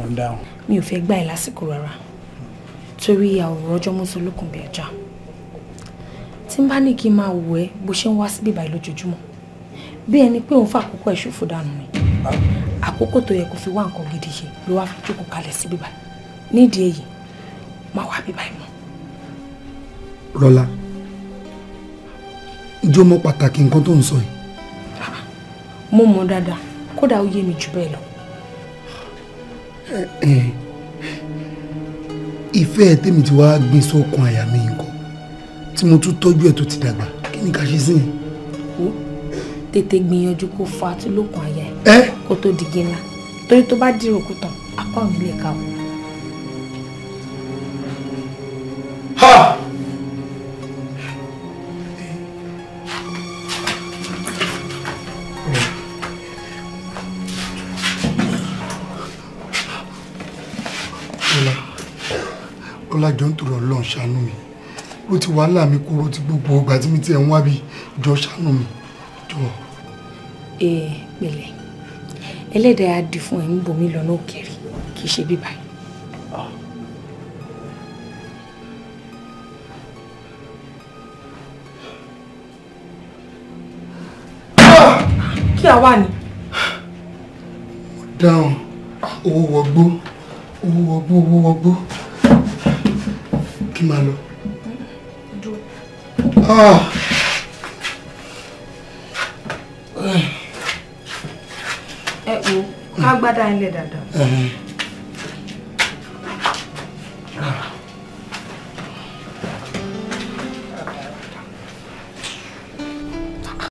calm down. mi ò fẹ́ gbà ẹ́ lásìkò rárá torí àwòrán ọjọ́ mú solókùn bí ẹja tí n bá ní kí n máa wò ẹ́ bó ṣe ń wá síbí báyìí lójoojúmọ́ bí ẹni pé òun fàkókò ẹ̀ ṣòfò dànù ni àkókò tó yẹ kó fi wá nǹkan gidi ṣe ló wá fi jókòó kalẹ̀ síbí báyìí nídìí èyí má wá bí báyìí mọ́. rọlá ìjọ mọ pàtàkì nǹkan tó ń sọ yìí. mo mọ dáadáa kódà ó yé mi jù bẹ́ẹ̀ lọ ìfẹ́ tèmi ti wá gbin sókun àyà mi nǹkan tí mo tún tọ́jú ẹ̀ tó ti dàgbà kí ni ká ṣe sí yẹn. ó tètè gbìyànjú kó fa àtúlòkùn àyà ẹ kó tó di gíńlá torí tó bá dìrò kú tán apá òun lè kà wọ́n. Bọ́lá Bọ́lájọ ń tòrọ Ọlọ́run ṣàánú mi ló ti wàhálà mi kúrò ti gbogbo ìgbà tí mi ti ẹ̀ ń wábi jọ ṣàánú mi jọ. ẹ pẹ̀lẹ́ ẹlẹ́dàá á di fún ẹ ń bomi lọ́nà òkèèrè kì í ṣe bíbá kí a wà ní. mo dáhùn owó wọgbó owó wọgbó owó wọgbó kí máa lọ. Ah. ẹ wo ká gbádá ilé dáadáa.